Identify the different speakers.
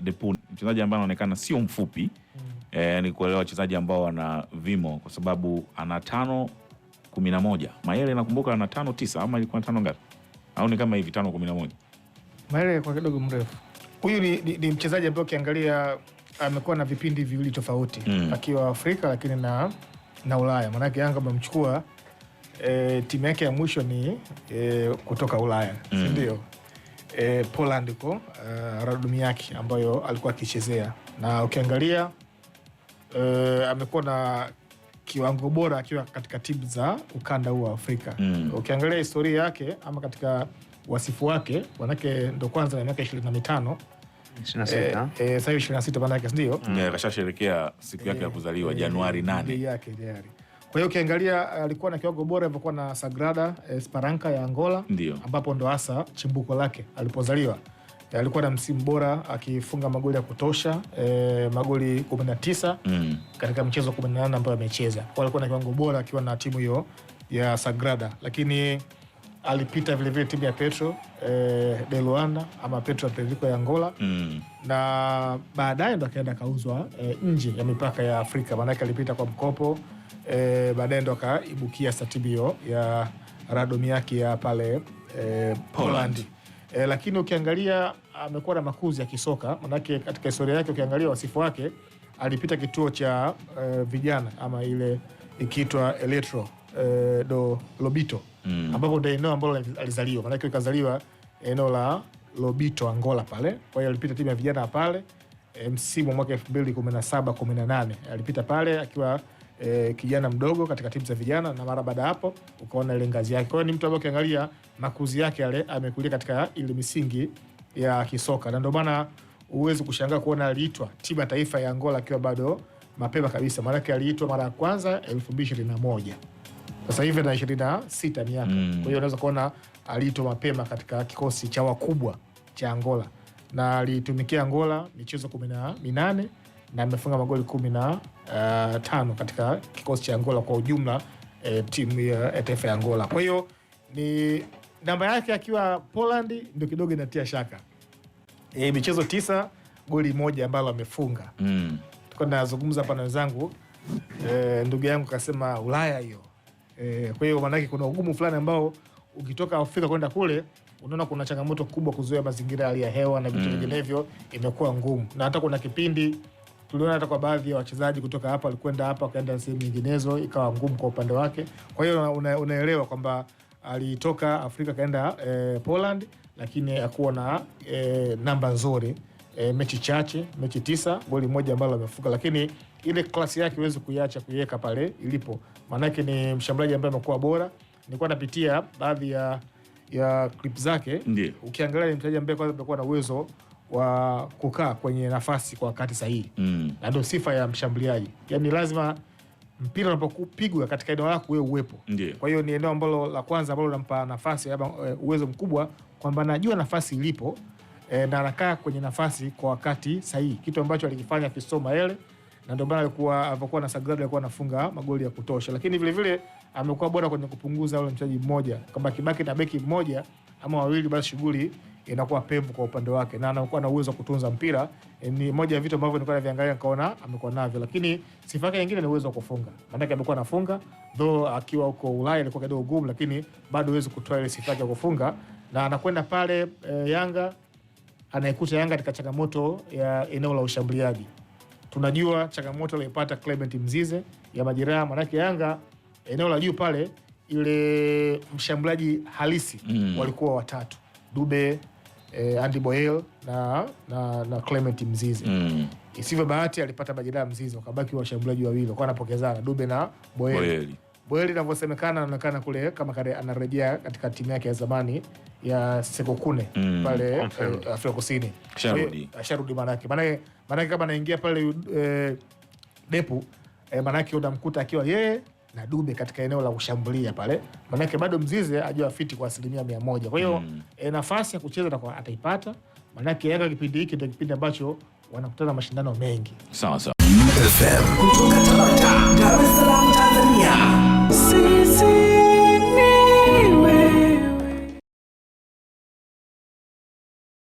Speaker 1: Depuni mchezaji ambaye anaonekana sio mfupi mm. E, ni kuelewa wachezaji ambao wana vimo kwa sababu ana tano kumi na moja. Mayele nakumbuka ana tano tisa ama ilikuwa tano ngapi? Au ni kama hivi tano kumi na moja.
Speaker 2: Mayele kwa kidogo mrefu. Huyu ni, ni, ni mchezaji ambaye ukiangalia amekuwa na vipindi viwili tofauti mm. akiwa Afrika lakini na, na Ulaya maanake Yanga amemchukua e, timu yake ya mwisho ni e, kutoka Ulaya mm. si ndio? e, eh, Poland huko uh, eh, yake ambayo alikuwa akichezea, na ukiangalia uh, amekuwa na kiwango bora akiwa katika timu za ukanda huu wa Afrika mm. Ukiangalia historia yake ama katika wasifu wake, manake ndo kwanza na miaka ishirini na mitano
Speaker 3: sasa
Speaker 2: hivi ishirini na sita manake ndio
Speaker 1: mm. kashasherekea siku yake ya kuzaliwa Januari nane
Speaker 2: yake tayari kwa hiyo ukiangalia eh, alikuwa na kiwango bora alivyokuwa na Sagrada Esperanca eh, ya Angola, ndio ambapo ndo hasa chimbuko lake alipozaliwa. Eh, alikuwa na msimu bora akifunga magoli ya kutosha e, magoli 19 mm. katika mchezo 18 ambayo amecheza. Kwa alikuwa na kiwango bora akiwa na timu hiyo ya Sagrada, lakini alipita vile timu ya Petro e, de Luanda ama Petro Atletico ya Angola mm. na baadaye ndo akaenda akauzwa e, nje ya mipaka ya Afrika, maanake alipita kwa mkopo e, baadaye ndo akaibukia satibio ya Radom yake ya pale e, Poland e, lakini ukiangalia amekuwa na makuzi ya kisoka manake, katika historia yake ukiangalia wasifu wake alipita kituo cha e, vijana ama ile ikiitwa Eletro e, do Lobito mm. ambapo ndio eneo ambalo alizaliwa, manake ikazaliwa eneo la Lobito Angola pale. Kwa hiyo alipita timu ya vijana pale e, msimu mwaka 2017 18 alipita pale akiwa e, kijana mdogo katika timu za vijana na mara baada hapo ukaona ile ngazi yake. Kwa hiyo ni mtu ambaye ukiangalia makuzi yake yale amekulia katika ile misingi ya kisoka, na ndio maana huwezi kushangaa kuona aliitwa timu ya taifa ya Angola akiwa bado mapema kabisa, maanake aliitwa mara ya kwanza 2021 sasa hivi na 26 miaka mm. Kwa hiyo unaweza kuona aliitwa mapema katika kikosi cha wakubwa cha Angola na alitumikia Angola michezo kumi na minane na amefunga magoli kumi na uh, tano katika kikosi cha Angola kwa ujumla e, timu ya eh, taifa ya Angola. Kwa hiyo ni namba yake akiwa Poland ndio kidogo inatia shaka e, michezo tisa goli moja ambalo amefunga mm. Tuko nazungumza hapa na wenzangu e, ndugu yangu kasema Ulaya hiyo e, kwa hiyo maanake kuna ugumu fulani ambao ukitoka Afrika kwenda kule unaona kuna changamoto kubwa kuzuia mazingira, hali ya hewa na vitu mm. vinginevyo, mm. imekuwa ngumu na hata kuna kipindi tuliona hata kwa baadhi ya wachezaji kutoka hapa walikwenda hapa wakaenda sehemu nyinginezo, ikawa ngumu kwa upande wake. Kwa hiyo una, unaelewa kwamba alitoka Afrika akaenda e, Poland, lakini akuwa na e, namba nzuri e, mechi chache, mechi tisa, goli moja ambalo amefuka, lakini ile klasi yake huwezi kuiacha kuiweka pale ilipo, maanake ni mshambuliaji ambaye amekuwa bora. Nilikuwa napitia baadhi ya ya klip zake, ukiangalia ni mchezaji ambaye kwanza amekuwa na uwezo wa kukaa kwenye nafasi kwa wakati sahihi mm. na ndio sifa ya mshambuliaji, yani lazima mpira unapopigwa katika eneo lako wewe uwepo. Ndiyo. Kwa hiyo ni eneo ambalo la kwanza ambalo linampa nafasi ama eh, uwezo mkubwa kwamba najua nafasi ilipo e, na anakaa kwenye nafasi kwa wakati sahihi, kitu ambacho alikifanya Fiston Mayele na ndio maana alikuwa alipokuwa na Sagrado alikuwa anafunga magoli ya kutosha, lakini vile vile amekuwa bora kwenye kupunguza ule mchezaji mmoja, kwamba kibaki na beki mmoja ama wawili, basi shughuli inakuwa pevu kwa upande wake, na anakuwa na uwezo wa kutunza mpira. E, Ni moja ya vitu ambavyo nilikuwa naviangalia nikaona amekuwa navyo, lakini sifa yake nyingine ni uwezo wa kufunga. Maanake amekuwa anafunga though, akiwa huko Ulaya ilikuwa kidogo gumu, lakini bado huwezi kutoa ile sifa yake ya kufunga, na anakwenda pale e, Yanga anaikuta Yanga katika changamoto ya eneo la ushambuliaji. Tunajua changamoto aliyoipata Clement Mzize ya majeraha, maanake Yanga eneo la juu pale ile mshambuliaji halisi mm, walikuwa watatu Dube eh, Andy Boyel na, na, na Clement Mzizi mm. Isivyo bahati alipata majeraha Mzizi, wakabaki washambuliaji wawili kwa anapokezana Dube na Boyeli, Boyeli. Boyeli inavyosemekana anaonekana kule kama kare, anarejea katika timu yake ya zamani ya Sekokune mm. pale eh, Afrika Kusini, eh, asharudi manake manake kama anaingia pale eh, Depu eh, manake unamkuta akiwa yeye na Dube katika eneo la kushambulia pale, maanake bado Mzize ajua fiti kwa asilimia mia moja. Kwa hiyo mm. e, nafasi ya kucheza na ataipata, maanake aka kipindi hiki ndio kipindi ambacho wanakutana mashindano mengi sawa sawa.